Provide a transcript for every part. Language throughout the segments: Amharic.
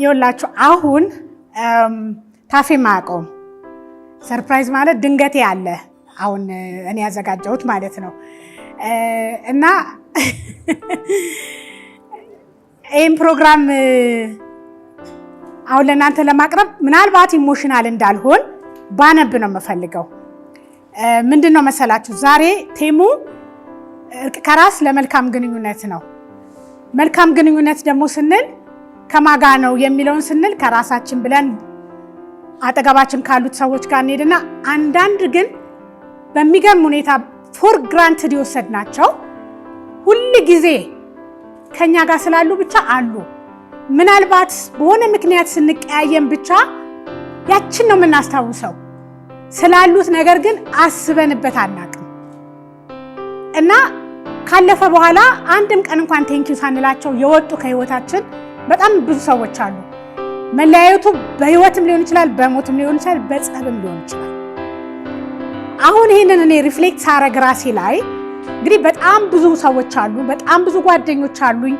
ይኸውላችሁ አሁን ታፌም አያውቀውም። ሰርፕራይዝ ማለት ድንገቴ አለ። አሁን እኔ ያዘጋጀሁት ማለት ነው እና ይህም ፕሮግራም አሁን ለእናንተ ለማቅረብ ምናልባት ኢሞሽናል እንዳልሆን ባነብ ነው የምፈልገው። ምንድን ነው መሰላችሁ ዛሬ ቴሙ እርቅ ከራስ ለመልካም ግንኙነት ነው። መልካም ግንኙነት ደግሞ ስንል ከማጋ ነው የሚለውን ስንል ከራሳችን ብለን አጠገባችን ካሉት ሰዎች ጋር እንሄድና አንዳንድ ግን በሚገርም ሁኔታ ፎር ግራንትድ የወሰድ ናቸው ሁል ጊዜ ከኛ ጋር ስላሉ ብቻ አሉ። ምናልባት በሆነ ምክንያት ስንቀያየን ብቻ ያችን ነው የምናስታውሰው ስላሉት ነገር ግን አስበንበት አናቅም እና ካለፈ በኋላ አንድም ቀን እንኳን ቴንኪ ሳንላቸው የወጡ ከህይወታችን በጣም ብዙ ሰዎች አሉ። መለያየቱ በህይወትም ሊሆን ይችላል፣ በሞትም ሊሆን ይችላል፣ በጸብም ሊሆን ይችላል። አሁን ይህንን እኔ ሪፍሌክት ሳረግ ራሴ ላይ እንግዲህ በጣም ብዙ ሰዎች አሉ፣ በጣም ብዙ ጓደኞች አሉኝ።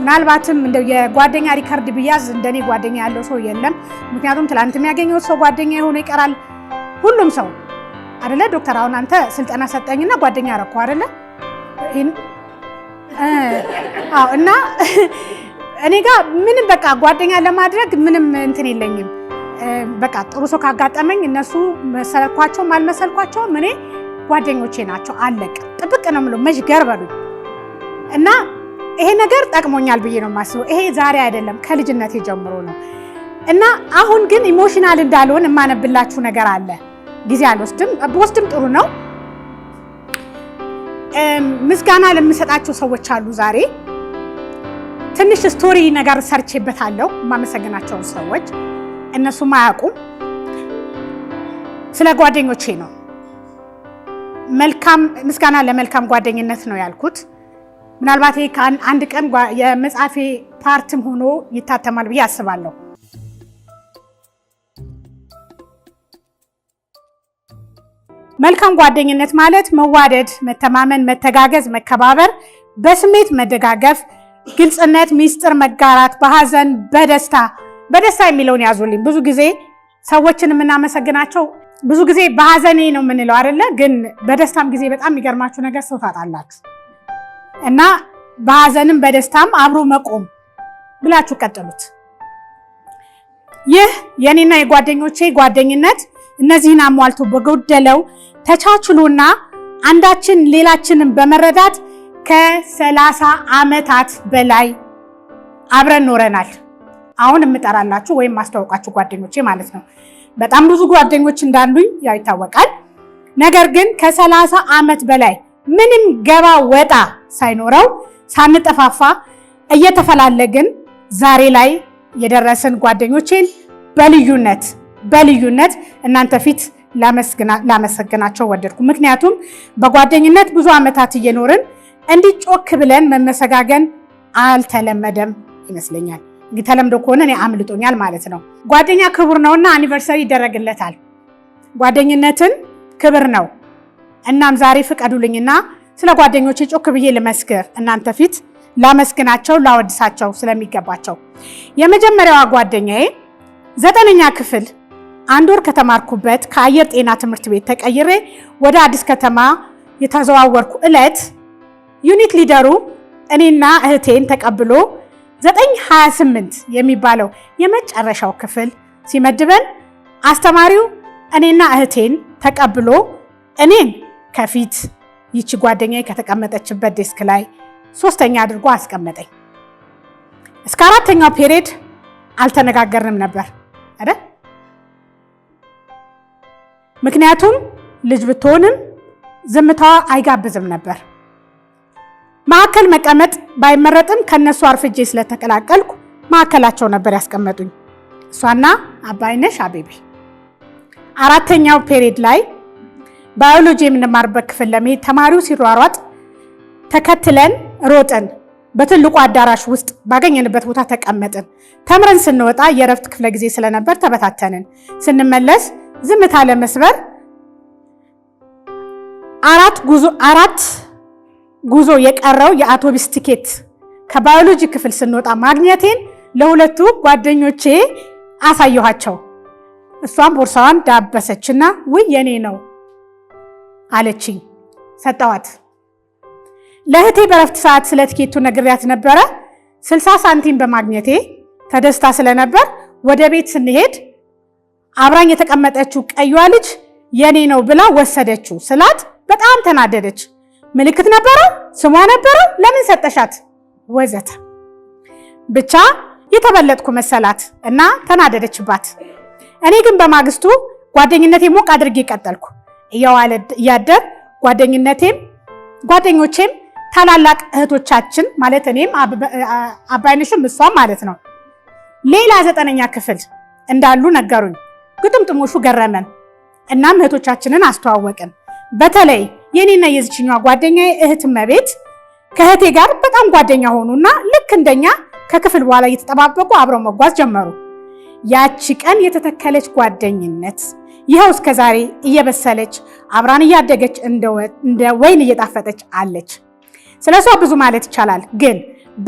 ምናልባትም እንደው የጓደኛ ሪከርድ ብያዝ እንደኔ ጓደኛ ያለው ሰው የለም። ምክንያቱም ትላንት የሚያገኘው ሰው ጓደኛ የሆነ ይቀራል። ሁሉም ሰው አደለ ዶክተር፣ አሁን አንተ ስልጠና ሰጠኝና ጓደኛ ረኩ አደለ አዎ። እና እኔ ጋር ምንም በቃ ጓደኛ ለማድረግ ምንም እንትን የለኝም። በቃ ጥሩ ሰው ካጋጠመኝ እነሱ መሰልኳቸውም አልመሰልኳቸውም እኔ ጓደኞቼ ናቸው። አለቅ ጥብቅ ነው የምለው መሽገር በሉ እና ይሄ ነገር ጠቅሞኛል ብዬ ነው የማስበው። ይሄ ዛሬ አይደለም ከልጅነቴ ጀምሮ ነው እና አሁን ግን ኢሞሽናል እንዳልሆን የማነብላችሁ ነገር አለ። ጊዜ አልወስድም፣ ብወስድም ጥሩ ነው። ምስጋና ለምሰጣቸው ሰዎች አሉ። ዛሬ ትንሽ ስቶሪ ነገር ሰርቼበታለሁ። የማመሰግናቸውን ሰዎች እነሱም አያውቁም። ስለ ጓደኞቼ ነው። መልካም ምስጋና ለመልካም ጓደኝነት ነው ያልኩት። ምናልባት አንድ ቀን የመጽሐፌ ፓርትም ሆኖ ይታተማል ብዬ አስባለሁ። መልካም ጓደኝነት ማለት መዋደድ፣ መተማመን፣ መተጋገዝ፣ መከባበር፣ በስሜት መደጋገፍ፣ ግልጽነት፣ ሚስጥር መጋራት፣ በሀዘን በደስታ በደስታ የሚለውን ያዙልኝ። ብዙ ጊዜ ሰዎችን የምናመሰግናቸው ብዙ ጊዜ በሀዘኔ ነው የምንለው አይደለ? ግን በደስታም ጊዜ በጣም የሚገርማችሁ ነገር ሰው ታጣላችሁ እና በሀዘንም በደስታም አብሮ መቆም ብላችሁ ቀጥሉት። ይህ የኔና የጓደኞቼ ጓደኝነት እነዚህን አሟልቶ በጎደለው ተቻችሎና አንዳችን ሌላችንን በመረዳት ከሰላሳ ዓመታት በላይ አብረን ኖረናል። አሁን የምጠራላችሁ ወይም ማስተዋወቃችሁ ጓደኞቼ ማለት ነው። በጣም ብዙ ጓደኞች እንዳሉኝ ያው ይታወቃል። ነገር ግን ከሰላሳ ዓመት በላይ ምንም ገባ ወጣ ሳይኖረው ሳንጠፋፋ እየተፈላለግን ዛሬ ላይ የደረስን ጓደኞቼን በልዩነት በልዩነት እናንተ ፊት ላመሰግናቸው ወደድኩ። ምክንያቱም በጓደኝነት ብዙ ዓመታት እየኖርን እንዲህ ጮክ ብለን መመሰጋገን አልተለመደም ይመስለኛል። እንግዲህ ተለምዶ ከሆነ እኔ አምልጦኛል ማለት ነው። ጓደኛ ክቡር ነውና አኒቨርሰሪ ይደረግለታል። ጓደኝነትን ክብር ነው። እናም ዛሬ ፍቀዱልኝና ስለ ጓደኞቼ ጮክ ብዬ ልመስክር፣ እናንተ ፊት ላመስግናቸው፣ ላወድሳቸው ስለሚገባቸው። የመጀመሪያዋ ጓደኛዬ ዘጠነኛ ክፍል አንድ ወር ከተማርኩበት ከአየር ጤና ትምህርት ቤት ተቀይሬ ወደ አዲስ ከተማ የተዘዋወርኩ ዕለት ዩኒት ሊደሩ እኔና እህቴን ተቀብሎ 928 የሚባለው የመጨረሻው ክፍል ሲመድበን አስተማሪው እኔና እህቴን ተቀብሎ እኔን ከፊት ይቺ ጓደኛዬ ከተቀመጠችበት ዴስክ ላይ ሶስተኛ አድርጎ አስቀመጠኝ። እስከ አራተኛው ፔሬድ አልተነጋገርንም ነበር አይደል? ምክንያቱም ልጅ ብትሆንም ዝምታዋ አይጋብዝም ነበር። ማዕከል መቀመጥ ባይመረጥም ከነሱ አርፍጄ ስለተቀላቀልኩ ማዕከላቸው ነበር ያስቀመጡኝ እሷና አባይነሽ አቤቤ። አራተኛው ፔሪድ ላይ ባዮሎጂ የምንማርበት ክፍል ለመሄድ ተማሪው ሲሯሯጥ ተከትለን ሮጥን። በትልቁ አዳራሽ ውስጥ ባገኘንበት ቦታ ተቀመጥን። ተምረን ስንወጣ የእረፍት ክፍለ ጊዜ ስለነበር ተበታተንን። ስንመለስ ዝምታ ለመስበር አራት ጉዞ አራት ጉዞ የቀረው የአውቶቢስ ቲኬት ከባዮሎጂ ክፍል ስንወጣ ማግኘቴን ለሁለቱ ጓደኞቼ አሳየኋቸው። እሷም ቦርሳዋን ዳበሰችና ውይ የኔ ነው አለችኝ። ሰጠዋት። ለእህቴ በረፍት ሰዓት ስለ ቲኬቱ ነግሬያት ነበረ። ስልሳ ሳንቲም በማግኘቴ ተደስታ ስለነበር ወደ ቤት ስንሄድ አብራኝ የተቀመጠችው ቀዩዋ ልጅ የኔ ነው ብላ ወሰደችው ስላት በጣም ተናደደች። ምልክት ነበረው፣ ስሟ ነበረው፣ ለምን ሰጠሻት ወዘተ። ብቻ የተበለጥኩ መሰላት እና ተናደደችባት። እኔ ግን በማግስቱ ጓደኝነቴ ሞቅ አድርጌ ቀጠልኩ። እየዋለ እያደር ጓደኝነቴም ጓደኞቼም ታላላቅ እህቶቻችን ማለት እኔም አባይነሽም እሷም ማለት ነው ሌላ ዘጠነኛ ክፍል እንዳሉ ነገሩኝ። ግጥምጥሞሹ ገረመን። እናም እህቶቻችንን አስተዋወቅን። በተለይ የኔና የዚችኛዋ ጓደኛ እህት መቤት ከእህቴ ጋር በጣም ጓደኛ ሆኑና ልክ እንደኛ ከክፍል በኋላ እየተጠባበቁ አብረው መጓዝ ጀመሩ። ያቺ ቀን የተተከለች ጓደኝነት ይኸው እስከ ዛሬ እየበሰለች አብራን እያደገች እንደ ወይን እየጣፈጠች አለች። ስለ እሷ ብዙ ማለት ይቻላል፣ ግን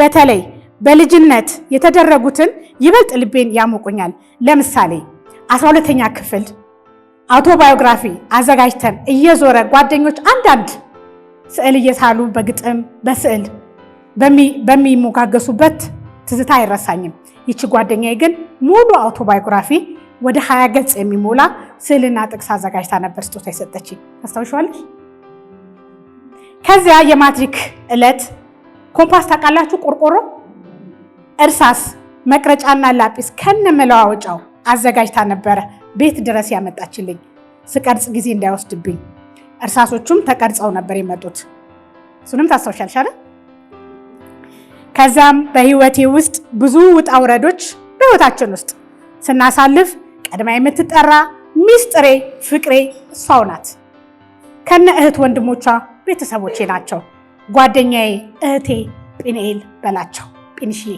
በተለይ በልጅነት የተደረጉትን ይበልጥ ልቤን ያሞቁኛል። ለምሳሌ አስራ ሁለተኛ ክፍል አውቶባዮግራፊ አዘጋጅተን እየዞረ ጓደኞች አንዳንድ ስዕል እየሳሉ በግጥም በስዕል በሚሞጋገሱበት ትዝታ አይረሳኝም። ይቺ ጓደኛዬ ግን ሙሉ አውቶባዮግራፊ ወደ ሀያ ገጽ የሚሞላ ስዕልና ጥቅስ አዘጋጅታ ነበር ስጦታ የሰጠች ታስታውሻለሽ? ከዚያ የማትሪክ ዕለት ኮምፓስ ታውቃላችሁ፣ ቆርቆሮ፣ እርሳስ፣ መቅረጫና ላጲስ ከነ መለዋወጫው አዘጋጅታ ነበረ ቤት ድረስ ያመጣችልኝ ስቀርጽ ጊዜ እንዳይወስድብኝ። እርሳሶቹም ተቀርጸው ነበር የመጡት። እሱንም ታስታውሻለሽ አይደል? ከዛም በህይወቴ ውስጥ ብዙ ውጣ ውረዶች በህይወታችን ውስጥ ስናሳልፍ ቀድማ የምትጠራ ሚስጥሬ፣ ፍቅሬ እሷው ናት። ከነ እህት ወንድሞቿ ቤተሰቦቼ ናቸው። ጓደኛዬ፣ እህቴ ጲንኤል በላቸው ጲንሽዬ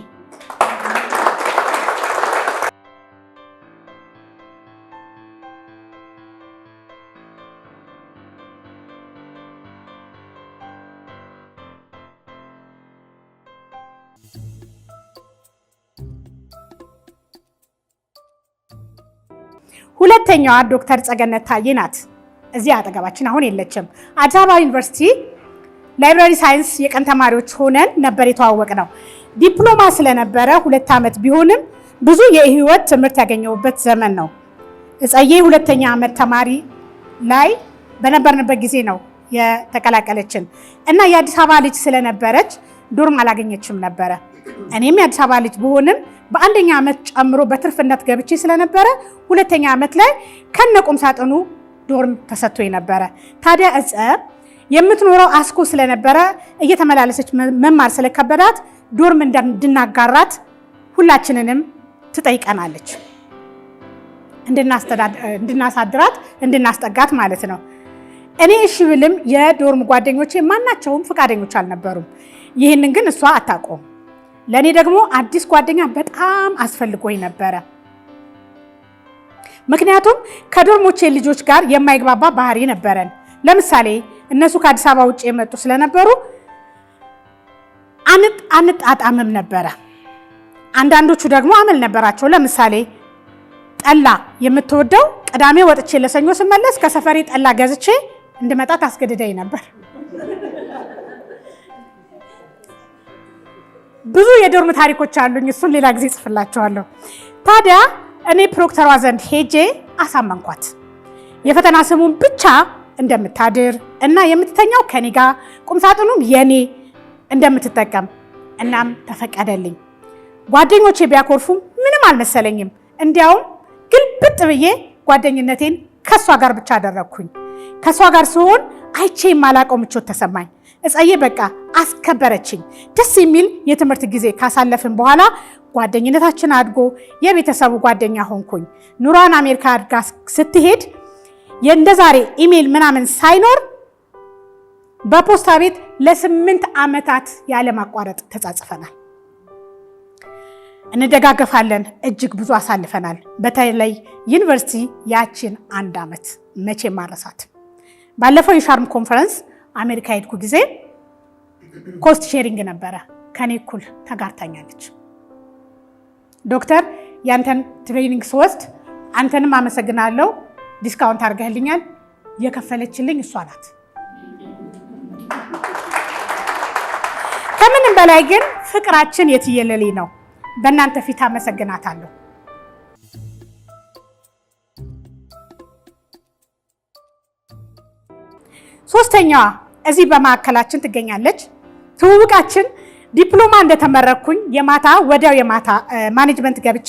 ሁለተኛዋ ዶክተር ጸገነት ታዬ ናት። እዚህ አጠገባችን አሁን የለችም። አዲስ አበባ ዩኒቨርሲቲ ላይብራሪ ሳይንስ የቀን ተማሪዎች ሆነን ነበር የተዋወቅ ነው። ዲፕሎማ ስለነበረ ሁለት ዓመት ቢሆንም ብዙ የህይወት ትምህርት ያገኘሁበት ዘመን ነው። እጸዬ ሁለተኛ ዓመት ተማሪ ላይ በነበርንበት ጊዜ ነው የተቀላቀለችን እና የአዲስ አበባ ልጅ ስለነበረች ዶርም አላገኘችም ነበረ። እኔም የአዲስ አበባ ልጅ ብሆንም በአንደኛ ዓመት ጨምሮ በትርፍነት ገብቼ ስለነበረ ሁለተኛ ዓመት ላይ ከነቁም ሳጥኑ ዶርም ተሰጥቶ ነበረ። ታዲያ እፀ የምትኖረው አስኮ ስለነበረ እየተመላለሰች መማር ስለከበዳት ዶርም እንድናጋራት ሁላችንንም ትጠይቀናለች። እንድናሳድራት እንድናስጠጋት ማለት ነው። እኔ እሺ ብልም የዶርም ጓደኞቼ ማናቸውም ፈቃደኞች አልነበሩም። ይህንን ግን እሷ አታውቀውም። ለእኔ ደግሞ አዲስ ጓደኛ በጣም አስፈልጎኝ ነበረ። ምክንያቱም ከዶርሞቼ ልጆች ጋር የማይግባባ ባህሪ ነበረን። ለምሳሌ እነሱ ከአዲስ አበባ ውጭ የመጡ ስለነበሩ አንጣጣምም ነበረ። አንዳንዶቹ ደግሞ አመል ነበራቸው። ለምሳሌ ጠላ የምትወደው ቅዳሜ ወጥቼ ለሰኞ ስመለስ ከሰፈሬ ጠላ ገዝቼ እንድመጣ ታስገድደኝ ነበር። ብዙ የዶርም ታሪኮች አሉኝ። እሱን ሌላ ጊዜ ጽፍላቸዋለሁ። ታዲያ እኔ ፕሮክተሯ ዘንድ ሄጄ አሳመንኳት። የፈተና ስሙን ብቻ እንደምታድር እና የምትተኛው ከኔ ጋር ቁምሳጥኑም የኔ እንደምትጠቀም እናም ተፈቀደልኝ። ጓደኞቼ ቢያኮርፉ ምንም አልመሰለኝም። እንዲያውም ግልብጥ ብዬ ጓደኝነቴን ከእሷ ጋር ብቻ አደረግኩኝ። ከእሷ ጋር ሲሆን አይቼ የማላቀው ምቾት ተሰማኝ። እጸዬ በቃ አስከበረችኝ። ደስ የሚል የትምህርት ጊዜ ካሳለፍን በኋላ ጓደኝነታችን አድጎ የቤተሰቡ ጓደኛ ሆንኩኝ። ኑሯን አሜሪካ አድጋ ስትሄድ የእንደ ዛሬ ኢሜል ምናምን ሳይኖር በፖስታ ቤት ለስምንት ዓመታት ያለማቋረጥ ተጻጽፈናል። እንደጋገፋለን። እጅግ ብዙ አሳልፈናል። በተለይ ዩኒቨርሲቲ ያችን አንድ ዓመት መቼ ማረሳት። ባለፈው የሻርም ኮንፈረንስ አሜሪካ ሄድኩ ጊዜ ኮስት ሼሪንግ ነበረ። ከኔ እኩል ተጋርታኛለች። ዶክተር ያንተን ትሬኒንግ ስወስድ አንተንም አመሰግናለሁ ዲስካውንት አድርገህልኛል። የከፈለችልኝ እሷ ናት። ከምንም በላይ ግን ፍቅራችን የትየለሌ ነው። በእናንተ ፊት አመሰግናታለሁ። ሶስተኛዋ እዚህ በማዕከላችን ትገኛለች። ትውውቃችን ዲፕሎማ እንደተመረኩኝ የማታ ወዲያው የማታ ማኔጅመንት ገብቼ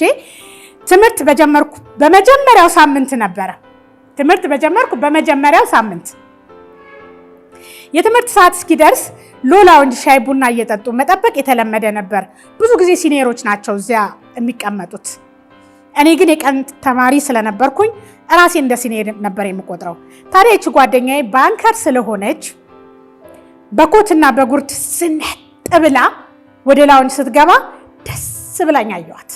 ትምህርት በጀመርኩ በመጀመሪያው ሳምንት ነበረ። ትምህርት በጀመርኩ በመጀመሪያው ሳምንት የትምህርት ሰዓት እስኪደርስ ሎላውንጅ ሻይ ቡና እየጠጡ መጠበቅ የተለመደ ነበር። ብዙ ጊዜ ሲኒየሮች ናቸው እዚያ የሚቀመጡት። እኔ ግን የቀን ተማሪ ስለነበርኩኝ እራሴ እንደ ሲኒየር ነበር የምቆጥረው። ታዲያ ይቺ ጓደኛዬ ባንከር ስለሆነች በኮትና በጉርድ ስንጥ ብላ ወደ ላውንጅ ስትገባ ደስ ብላኝ አየኋት።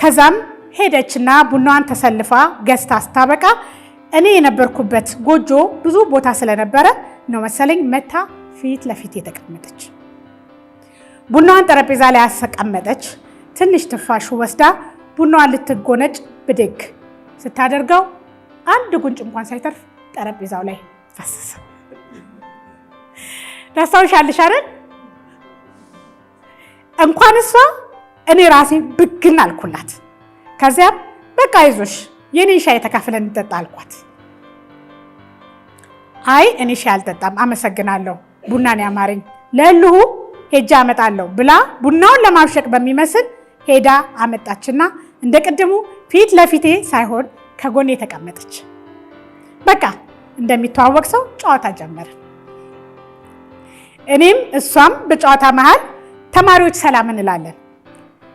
ከዛም ሄደችና ቡናዋን ተሰልፋ ገዝታ ስታበቃ እኔ የነበርኩበት ጎጆ ብዙ ቦታ ስለነበረ ነው መሰለኝ መታ ፊት ለፊት የተቀመጠች ቡናዋን ጠረጴዛ ላይ አስቀመጠች። ትንሽ ትንፋሽ ወስዳ ቡናዋን ልትጎነጭ ብድግ ስታደርገው አንድ ጉንጭ እንኳን ሳይተርፍ ጠረጴዛው ላይ ፈሰሰ። ያስታውሻልሽ አይደል? እንኳን እሷ እኔ ራሴ ብግን አልኩላት። ከዚያም በቃ ይዞሽ የኔን ሻይ ተካፍለን እንጠጣ አልኳት። አይ እኔ ሻይ አልጠጣም አመሰግናለሁ፣ ቡናን ያማረኝ ለልሁ ሄጃ አመጣለሁ ብላ ቡናውን ለማብሸቅ በሚመስል ሄዳ አመጣችና እንደ ቅድሙ ፊት ለፊቴ ሳይሆን ከጎኔ ተቀመጠች። በቃ እንደሚተዋወቅ ሰው ጨዋታ ጀመርን። እኔም እሷም በጨዋታ መሃል ተማሪዎች ሰላም እንላለን።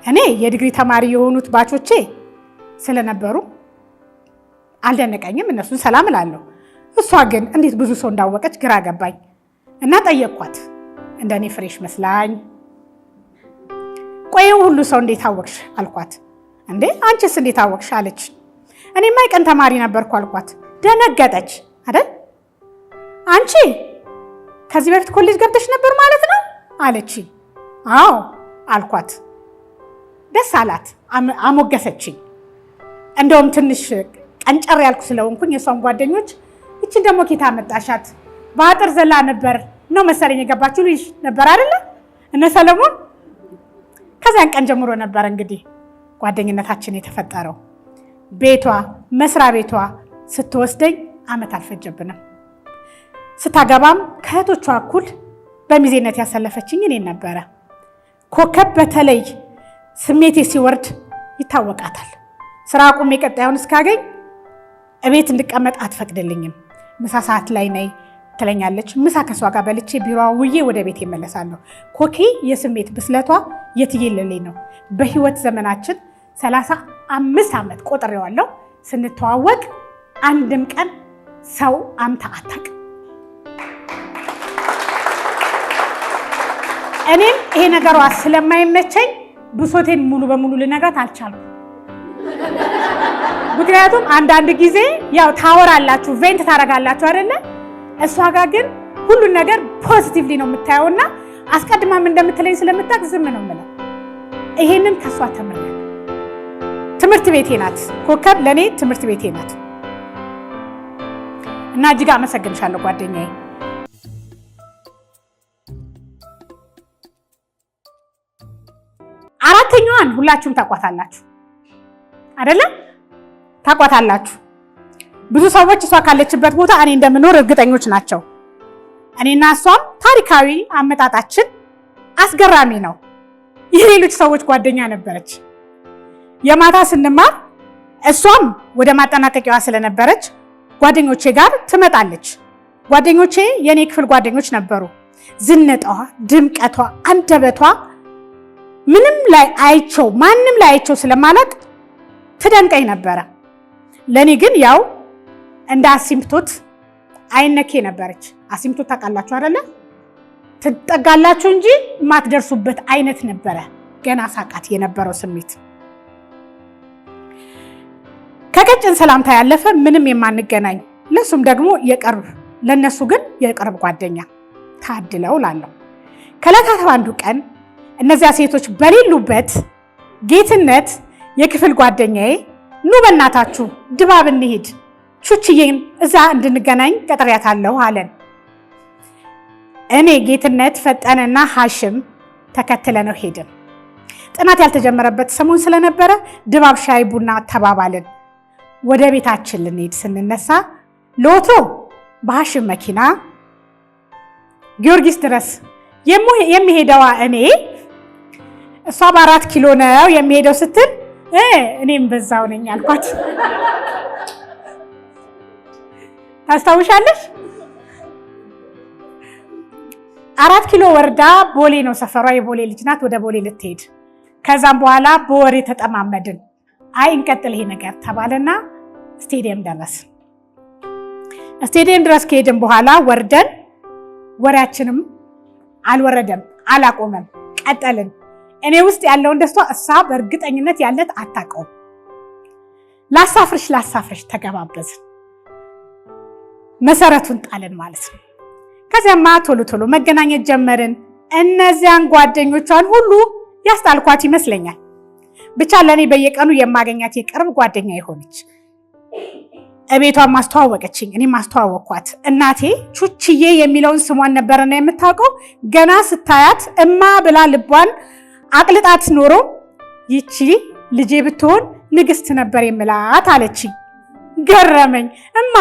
እኔ የዲግሪ ተማሪ የሆኑት ባቾቼ ስለነበሩ አልደነቀኝም፣ እነሱን ሰላም እላለሁ። እሷ ግን እንዴት ብዙ ሰው እንዳወቀች ግራ ገባኝ እና ጠየቅኳት። እንደ እኔ ፍሬሽ መስላኝ፣ ቆይ ሁሉ ሰው እንዴት አወቅሽ አልኳት። እንዴ አንቺስ እንዴት አወቅሽ አለች። እኔማ የቀን ተማሪ ነበርኩ አልኳት። ደነገጠች አይደል አንቺ ከዚህ በፊት ኮሌጅ ገብተሽ ነበር ማለት ነው አለችኝ። አዎ አልኳት። ደስ አላት፣ አሞገሰችኝ። እንደውም ትንሽ ቀንጨር ያልኩ ስለሆንኩኝ የሷን ጓደኞች ይችን ደግሞ ኬታ መጣሻት በአጥር ዘላ ነበር ነው መሰለኝ የገባችሁ ልጅ ነበር አይደለ? እነ ሰለሞን ከዚያን ቀን ጀምሮ ነበር እንግዲህ ጓደኝነታችን የተፈጠረው። ቤቷ መስሪያ ቤቷ ስትወስደኝ አመት አልፈጀብንም። ስታገባም ከእህቶቿ እኩል በሚዜነት ያሳለፈችኝ እኔን ነበረ። ኮከብ በተለይ ስሜቴ ሲወርድ ይታወቃታል። ስራ አቁሜ ቀጣዩን እስካገኝ እቤት እንድቀመጥ አትፈቅድልኝም። ምሳ ሰዓት ላይ ነይ ትለኛለች። ምሳ ከሷ ጋር በልቼ ቢሮ ውዬ ወደ ቤት ይመለሳለሁ። ኮኬ የስሜት ብስለቷ የትየለሌ ነው። በህይወት ዘመናችን ሰላሳ አምስት ዓመት ቆጥሬዋለሁ። ስንተዋወቅ አንድም ቀን ሰው አምታ አታውቅም እኔም ይሄ ነገሯ ስለማይመቸኝ ብሶቴን ሙሉ በሙሉ ልነግራት አልቻልኩም። ምክንያቱም አንዳንድ ጊዜ ያው ታወራላችሁ፣ ቬንት ታደርጋላችሁ አይደለ? እሷ ጋር ግን ሁሉን ነገር ፖዚቲቭሊ ነው የምታየው እና አስቀድማም እንደምትለኝ ስለምታቅ ዝም ነው የምለው። ይሄንን ከእሷ ተምር። ትምህርት ቤቴ ናት ኮከብ፣ ለእኔ ትምህርት ቤቴ ናት እና እጅግ አመሰግንሻለሁ ጓደኛዬ። አራተኛዋን ሁላችሁም ታቋታላችሁ አይደለም? ታቋታላችሁ። ብዙ ሰዎች እሷ ካለችበት ቦታ እኔ እንደምኖር እርግጠኞች ናቸው። እኔና እሷም ታሪካዊ አመጣጣችን አስገራሚ ነው። የሌሎች ሰዎች ጓደኛ ነበረች። የማታ ስንማር እሷም ወደ ማጠናቀቂያዋ ስለነበረች ጓደኞቼ ጋር ትመጣለች። ጓደኞቼ የእኔ ክፍል ጓደኞች ነበሩ። ዝነጣዋ፣ ድምቀቷ፣ አንደበቷ ምንም ላይ አይቸው ማንም ላይ አይቸው ስለማላቅ ትደንቀኝ ነበረ። ለእኔ ግን ያው እንደ አሲምቶት አይነኬ ነበረች። አሲምቶት ታውቃላችሁ አይደለ? ትጠጋላችሁ እንጂ የማትደርሱበት አይነት ነበረ። ገና ሳቃት የነበረው ስሜት ከቀጭን ሰላምታ ያለፈ ምንም የማንገናኝ ለሱም ደግሞ የቅርብ ለነሱ ግን የቅርብ ጓደኛ ታድለው ላለው ከዕለታት አንዱ ቀን እነዚያ ሴቶች በሌሉበት ጌትነት የክፍል ጓደኛዬ ኑ በእናታችሁ ድባብ እንሂድ፣ ቹችዬን እዛ እንድንገናኝ ቀጥሬያታለሁ አለን። እኔ ጌትነት ፈጠነና ሀሽም ተከትለ ነው ሄድን። ጥናት ያልተጀመረበት ሰሞን ስለነበረ ድባብ ሻይ ቡና ተባባልን። ወደ ቤታችን ልንሄድ ስንነሳ ሎቶ በሀሽም መኪና ጊዮርጊስ ድረስ የሚሄደዋ እኔ እሷ በአራት ኪሎ ነው የሚሄደው ስትል እኔም በዛው ነኝ አልኳት። ታስታውሻለሽ? አራት ኪሎ ወርዳ ቦሌ ነው ሰፈሯ። የቦሌ ልጅ ናት። ወደ ቦሌ ልትሄድ ከዛም በኋላ በወሬ ተጠማመድን። አይ እንቀጥል ይሄ ነገር ተባለና ስቴዲየም ደረስ። ስቴዲየም ድረስ ከሄድን በኋላ ወርደን ወሬያችንም አልወረደም፣ አላቆመም፣ ቀጠልን። እኔ ውስጥ ያለውን ደስታ እሷ በእርግጠኝነት ያለት አታውቀውም። ላሳፍርሽ ላሳፍርሽ ተገባበዝን፣ መሰረቱን ጣልን ማለት ነው። ከዚያማ ቶሎ ቶሎ መገናኘት ጀመርን። እነዚያን ጓደኞቿን ሁሉ ያስጣልኳት ይመስለኛል። ብቻ ለእኔ በየቀኑ የማገኛት የቅርብ ጓደኛ የሆነች እቤቷን ማስተዋወቀችኝ፣ እኔ ማስተዋወቅኳት። እናቴ ቹችዬ የሚለውን ስሟን ነበረና የምታውቀው ገና ስታያት እማ ብላ ልቧን አቅልጣት ኖሮ ይቺ ልጄ ብትሆን ንግስት ነበር የምላት አለች ገረመኝ። እማ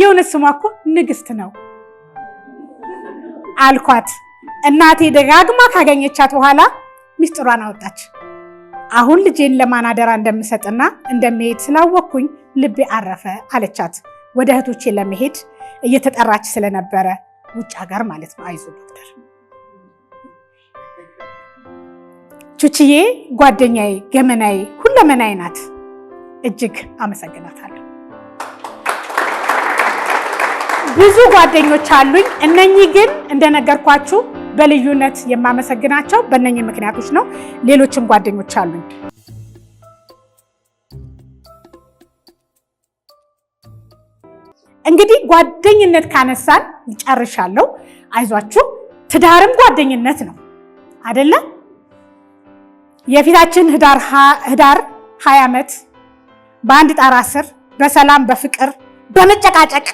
የእውነት ስሟ እኮ ንግስት ነው አልኳት። እናቴ ደጋግማ ካገኘቻት በኋላ ሚስጥሯን አወጣች። አሁን ልጄን ለማን አደራ እንደምሰጥና እንደምሄድ ስላወቅኩኝ ልቤ አረፈ አለቻት። ወደ እህቶቼ ለመሄድ እየተጠራች ስለነበረ ውጭ ሀገር ማለት ነው። አይዞ ዶክተር ቹችዬ ጓደኛዬ፣ ገመናዬ፣ ሁለመናዬ ናት። እጅግ አመሰግናታለሁ። ብዙ ጓደኞች አሉኝ። እነኚህ ግን እንደነገርኳችሁ በልዩነት የማመሰግናቸው በእነኚህ ምክንያቶች ነው። ሌሎችም ጓደኞች አሉኝ። እንግዲህ ጓደኝነት ካነሳን ጨርሻለሁ። አይዟችሁ፣ ትዳርም ጓደኝነት ነው አይደለም? የፊታችን ህዳር 20 ዓመት በአንድ ጣራ ስር በሰላም በፍቅር በመጨቃጨቅ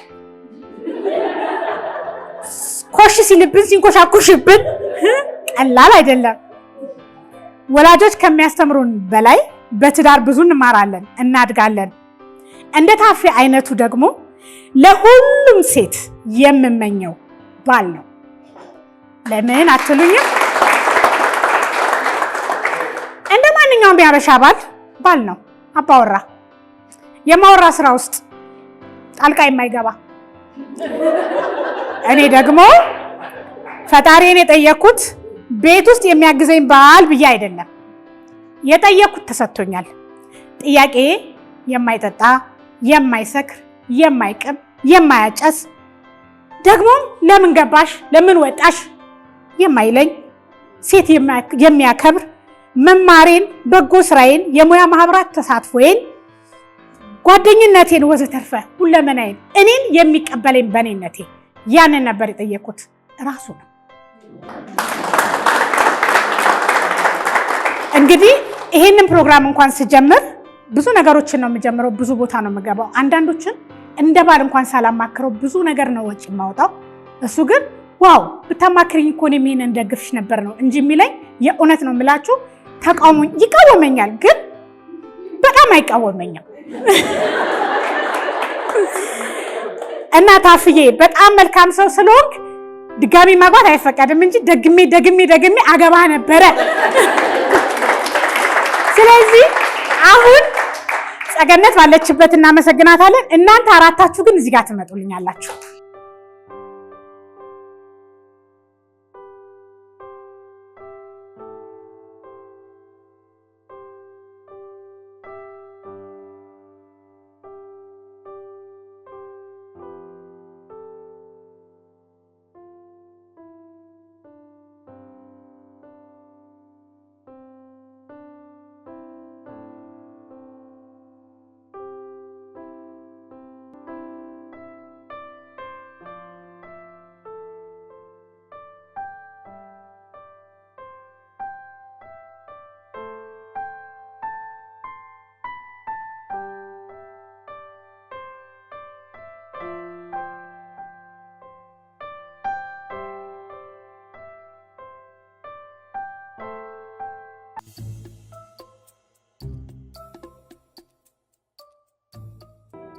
ኮሽ ሲልብን ሲንኮሻኩሽብን ቀላል አይደለም። ወላጆች ከሚያስተምሩን በላይ በትዳር ብዙ እንማራለን፣ እናድጋለን። እንደ ታፌ አይነቱ ደግሞ ለሁሉም ሴት የምመኘው ባል ነው። ለምን አትሉኝም? የትኛውም የሀበሻ ባል ባል ነው። አባወራ የማወራ ስራ ውስጥ ጣልቃ የማይገባ እኔ ደግሞ ፈጣሪን የጠየኩት ቤት ውስጥ የሚያግዘኝ ባል ብዬ አይደለም የጠየኩት ተሰጥቶኛል። ጥያቄ የማይጠጣ የማይሰክር፣ የማይቅም፣ የማያጨስ ደግሞ ለምን ገባሽ ለምን ወጣሽ የማይለኝ ሴት የሚያከብር መማሬን፣ በጎ ስራዬን፣ የሙያ ማህበራት ተሳትፎዬን፣ ጓደኝነቴን፣ ወዘተርፈ ሁለመናዬን እኔን የሚቀበለኝ በእኔነቴ ያንን ነበር የጠየኩት እራሱ ነው። እንግዲህ ይሄንን ፕሮግራም እንኳን ስጀምር ብዙ ነገሮችን ነው የምጀምረው። ብዙ ቦታ ነው የምገባው። አንዳንዶችን እንደ ባል እንኳን ሳላማክረው ብዙ ነገር ነው ወጪ የማውጣው። እሱ ግን ዋው ብታማክርኝ እኮ እኔም ይሄንን ደግፍሽ ነበር ነው እንጂ የሚለኝ የእውነት ነው የምላችሁ። ተቃውሞ ይቃወመኛል፣ ግን በጣም አይቃወመኛል። እና ታፍዬ በጣም መልካም ሰው ስለሆንክ ድጋሚ ማግባት አይፈቀድም እንጂ ደግሜ ደግሜ ደግሜ አገባ ነበረ። ስለዚህ አሁን ጸገነት ባለችበት እናመሰግናታለን። እናንተ አራታችሁ ግን እዚህ ጋር ትመጡልኛላችሁ።